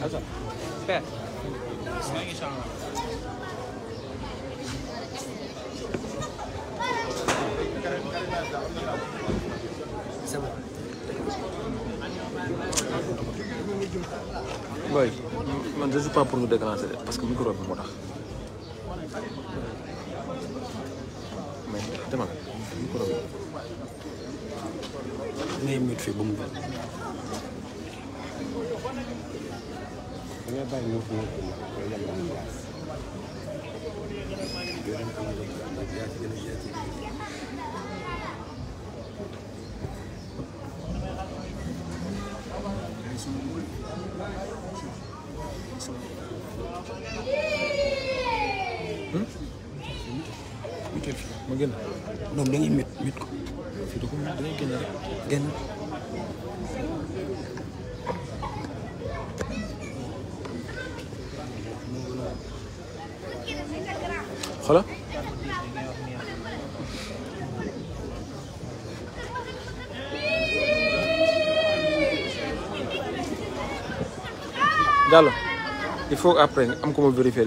Hazır. Süper. Sen geç anlamı. boy man je suis pas pour nous déclencher parce que micro bi moo tax mais demal micro bi ngay mute fii ba mu da gën a jaas gën mit mit ko. fii da ko rek génn. xola Diallo il faut après am ko ma vérifier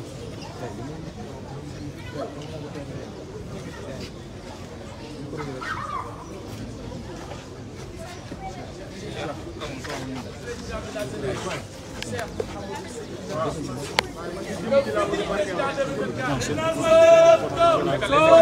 Não,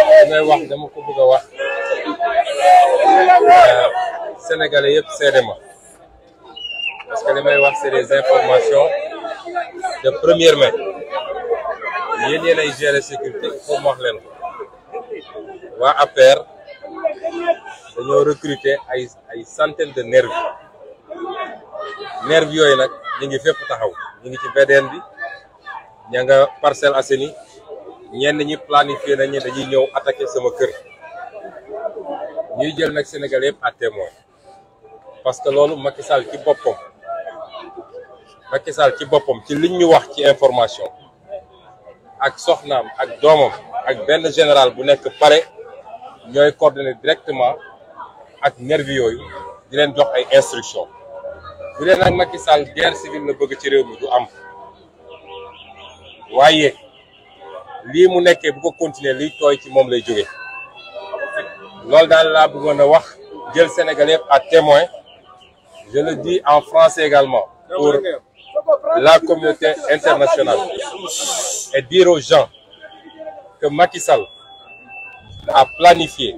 damay wax dama ko bëgg wax euh, sénégalais yëpp seede ma parce que damay may wax c'est des informations de première main yéen ay gérer sécurité foofu ma wax waa APR dañoo recruter ay ay centaines de nervis nervis yooyu nag ñi ngi fépp taxaw ñu ngi ci VDN bi ña nga Parcelles Assainies ñenn ñi planifié nañu dañuy ñëw attaqué sama kër ñuy jël nag Sénégal yëpp à témoin parce que loolu Macky Sall ci boppam Macky ci boppam ci liñ ñu wax ci information ak soxnaam ak doomam ak benn général bu nekk pare ñooy coordonné directement ak nervi yooyu di leen jox ay instruction bu dee nag Macky Sall guerre civile bëgg ci réew mi du am waaye lii mu nekkee bu ko continuer liy tooy ci moom lay jóge loolu daal la bëggoon wax jël Sénégalais yëpp à témoin je le dis en français également pour la communauté internationale et dire aux gens que Macky a planifié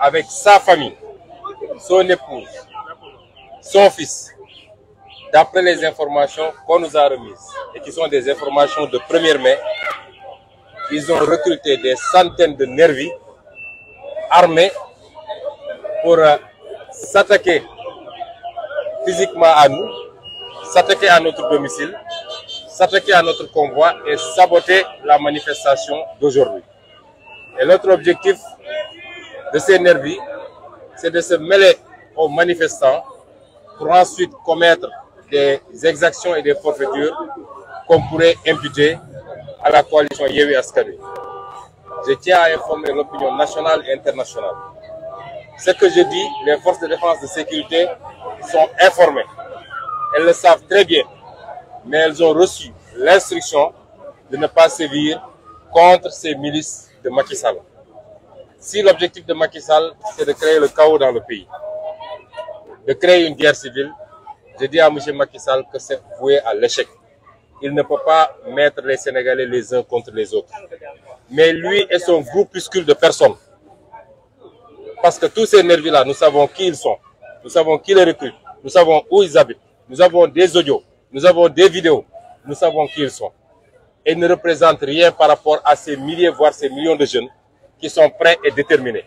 avec sa famille, son épouse, son fils, d'après les informations qu'on nous a remises et qui sont des informations de première er mai, ils ont recruté des centaines de nervis armés pour euh, s'attaquer physiquement à nous, s'attaquer à notre domicile, s'attaquer à notre convoi et saboter la manifestation d'aujourd'hui. Et l'autre objectif de ces nervis, c'est de se mêler aux manifestants pour ensuite commettre des exactions et des forfaitures qu'on pourrait imputer à la coalition Yewwi Askan Wi je tiens à informer l'opinion nationale et internationale ce que je dis les forces de défense de sécurité sont informées elles le savent très bien mais elles ont reçu l'instruction de ne pas sévir contre ces milices de Macky si l'objectif de Macky c'est de créer le chaos dans le pays de créer une guerre civile je dis à monsieur Macky Sall que c'est voué à l'échec il ne peut pas mettre les Sénégalais les uns contre les autres. Mais lui et son groupuscule de personnes, parce que tous ces nervis-là, nous savons qui ils sont, nous savons qui les recrutent, nous savons où ils habitent, nous avons des audios, nous avons des vidéos, nous savons qui ils sont. Et ils ne représentent rien par rapport à ces milliers, voire ces millions de jeunes qui sont prêts et déterminés.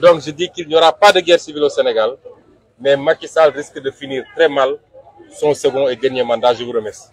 donc je dis qu'il n'y aura pas de guerre civile au Sénégal, mais Macky Sall risque de son second et dernier mandat. Je vous remercie.